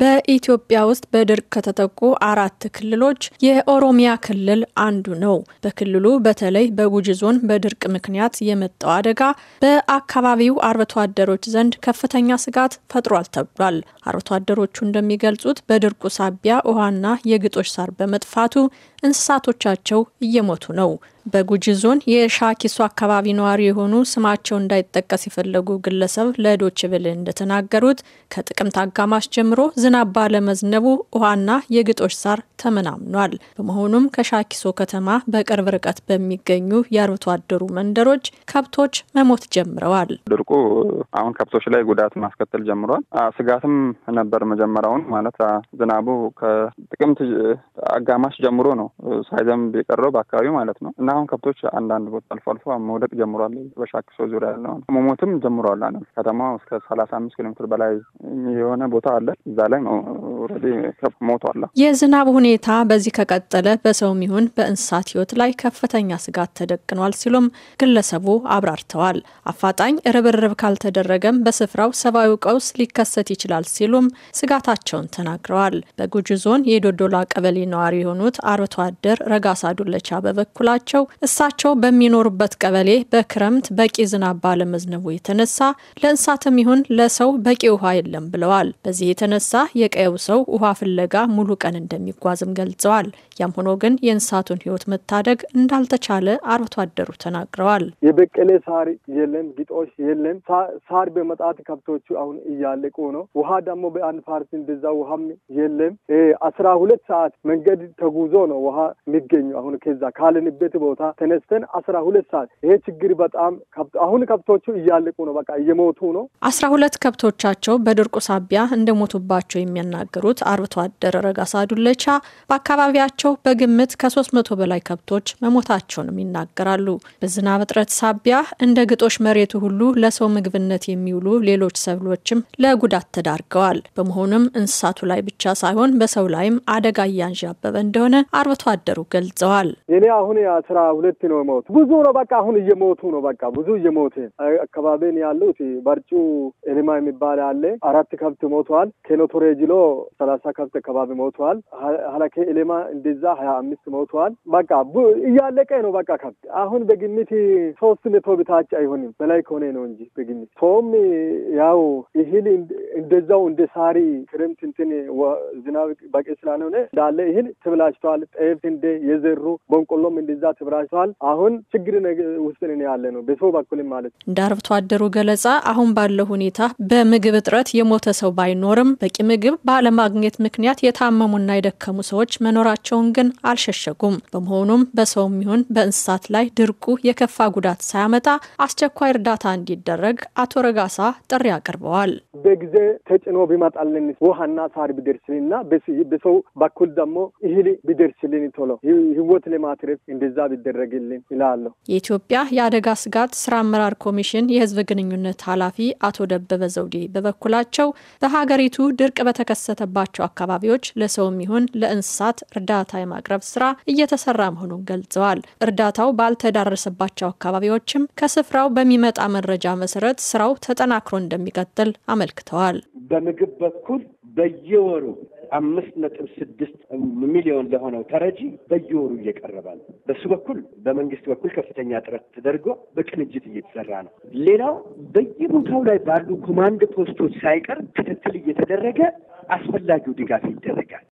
በኢትዮጵያ ውስጥ በድርቅ ከተጠቁ አራት ክልሎች የኦሮሚያ ክልል አንዱ ነው። በክልሉ በተለይ በጉጂ ዞን በድርቅ ምክንያት የመጣው አደጋ በአካባቢው አርብቶ አደሮች ዘንድ ከፍተኛ ስጋት ፈጥሯል ተብሏል። አርብቶ አደሮቹ እንደሚገልጹት በድርቁ ሳቢያ ውሃና የግጦሽ ሳር በመጥፋቱ እንስሳቶቻቸው እየሞቱ ነው። በጉጂ ዞን የሻኪሶ አካባቢ ነዋሪ የሆኑ ስማቸው እንዳይጠቀስ የፈለጉ ግለሰብ ለዶች ብል እንደተናገሩት ከጥቅምት አጋማሽ ጀምሮ ዝናብ ባለመዝነቡ ውሃና የግጦሽ ሳር ተመናምኗል። በመሆኑም ከሻኪሶ ከተማ በቅርብ ርቀት በሚገኙ የአርብቶ አደሩ መንደሮች ከብቶች መሞት ጀምረዋል። ድርቁ አሁን ከብቶች ላይ ጉዳት ማስከተል ጀምሯል። ስጋትም ነበር መጀመሪያውን ማለት ዝናቡ ከጥቅምት አጋማሽ ጀምሮ ነው ሳይዘንብ የቀረው በአካባቢው ማለት ነው እና አሁን ከብቶች አንዳንድ ቦታ አልፎ አልፎ መውደቅ ጀምሯል። በሻክሶ ዙሪያ ያለው መሞትም ጀምሯል። ከተማ እስከ ሰላሳ አምስት ኪሎ ሜትር በላይ የሆነ ቦታ አለ። እዛ ላይ ነው ኦልሬዲ ከብት ሞቷል። የዝናብ ሁኔታ በዚህ ከቀጠለ በሰውም ይሁን በእንስሳት ሕይወት ላይ ከፍተኛ ስጋት ተደቅኗል ሲሉም ግለሰቡ አብራርተዋል። አፋጣኝ ርብርብ ካልተደረገም በስፍራው ሰብአዊ ቀውስ ሊከሰት ይችላል ሲሉም ስጋታቸውን ተናግረዋል። በጉጂ ዞን የዶዶላ ቀበሌ ነዋሪ የሆኑት አርብቶ አደር ረጋሳ ዱለቻ በበኩላቸው እሳቸው በሚኖሩበት ቀበሌ በክረምት በቂ ዝናብ ባለመዝነቡ የተነሳ ለእንስሳትም ይሁን ለሰው በቂ ውሃ የለም ብለዋል። በዚህ የተነሳ የቀየው ሰው ሰው ውሃ ፍለጋ ሙሉ ቀን እንደሚጓዝም ገልጸዋል። ያም ሆኖ ግን የእንስሳቱን ህይወት መታደግ እንዳልተቻለ አርብቶ አደሩ ተናግረዋል። የበቀለ ሳር የለም፣ ግጦሽ የለም። ሳር በመጣት ከብቶቹ አሁን እያለቁ ነው። ውሃ ደግሞ በአንድ ፓርቲ እንደዛ ውሃም የለም። አስራ ሁለት ሰዓት መንገድ ተጉዞ ነው ውሃ የሚገኙ አሁን ከዛ ካለንበት ቦታ ተነስተን አስራ ሁለት ሰዓት ይሄ ችግር በጣም አሁን ከብቶቹ እያለቁ ነው። በቃ እየሞቱ ነው። አስራ ሁለት ከብቶቻቸው በድርቁ ሳቢያ እንደሞቱባቸው የሚያናገሩ የነበሩት አርብቶ አደር ረጋሳ ዱለቻ በአካባቢያቸው በግምት ከ300 በላይ ከብቶች መሞታቸውንም ይናገራሉ። በዝናብ እጥረት ሳቢያ እንደ ግጦሽ መሬቱ ሁሉ ለሰው ምግብነት የሚውሉ ሌሎች ሰብሎችም ለጉዳት ተዳርገዋል። በመሆኑም እንስሳቱ ላይ ብቻ ሳይሆን በሰው ላይም አደጋ እያንዣበበ እንደሆነ አርብቶ አደሩ ገልጸዋል። እኔ አሁን አስራ ሁለት ነው ሞት ብዙ ነው። በቃ አሁን እየሞቱ ነው። በቃ ብዙ እየሞት አካባቢን ያሉት በርጩ ኤሊማ የሚባል አለ አራት ከብት ሞቷል። ኬኖቶሬጅሎ ሰላሳ ከብት አካባቢ ሞተዋል። ሀላኬ ኤሌማ እንደዛ ሀያ አምስት ሞተዋል። በቃ እያለቀ ነው በቃ ከብት አሁን በግምት ሶስት መቶ ብታች አይሆንም በላይ ከሆነ ነው እንጂ በግምት ሰውም ያው ይህል እንደዛው እንደ ሳሪ ክረምት እንትን ዝናብ በቂ ስላልሆነ እንዳለ ይህል ትብላችተዋል። ጤፍ እንደ የዘሩ በንቆሎም እንደዛ ትብላችተዋል። አሁን ችግር ውስጥ ነው ያለ ነው በሰው በኩልም ማለት ነው። እንደ አርብቶ አደሩ ገለጻ አሁን ባለው ሁኔታ በምግብ እጥረት የሞተ ሰው ባይኖርም በቂ ምግብ በአለም አለማግኘት ምክንያት የታመሙና የደከሙ ሰዎች መኖራቸውን ግን አልሸሸጉም። በመሆኑም በሰውም ይሁን በእንስሳት ላይ ድርቁ የከፋ ጉዳት ሳያመጣ አስቸኳይ እርዳታ እንዲደረግ አቶ ረጋሳ ጥሪ አቅርበዋል። በጊዜ ተጭኖ ቢመጣልን ውሃና ሳር ቢደርስልን በሰው በኩል ደግሞ እህል ቢደርስልን ቶሎ ህይወት ለማትረፍ እንደዛ ቢደረግልን ይላለሁ። የኢትዮጵያ የአደጋ ስጋት ስራ አመራር ኮሚሽን የህዝብ ግንኙነት ኃላፊ አቶ ደበበ ዘውዴ በበኩላቸው በሀገሪቱ ድርቅ በተከሰተ ባለባቸው አካባቢዎች ለሰውም ይሁን ለእንስሳት እርዳታ የማቅረብ ስራ እየተሰራ መሆኑን ገልጸዋል። እርዳታው ባልተዳረሰባቸው አካባቢዎችም ከስፍራው በሚመጣ መረጃ መሰረት ስራው ተጠናክሮ እንደሚቀጥል አመልክተዋል። በምግብ በኩል በየወሩ አምስት ነጥብ ስድስት ሚሊዮን ለሆነው ተረጂ በየወሩ እየቀረበ ነው። በሱ በኩል በመንግስት በኩል ከፍተኛ ጥረት ተደርጎ በቅንጅት እየተሰራ ነው። ሌላው በየቦታው ላይ ባሉ ኮማንድ ፖስቶች ሳይቀር ክትትል እየተደረገ አስፈላጊው ድጋፍ ይደረጋል።